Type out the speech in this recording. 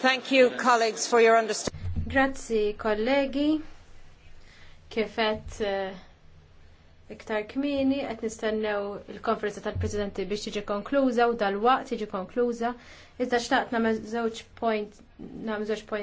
Thank you, colleagues, for your understanding. Grazzi, kollegi. Kifet eh, iktar kmini, qed nistennew il-konferenza tal-Presidenti biex tiġi konkluża u dal-waqt tiġi konkluża. Iżda xtaqt nagħmel żewġ point, nagħmel żewġ point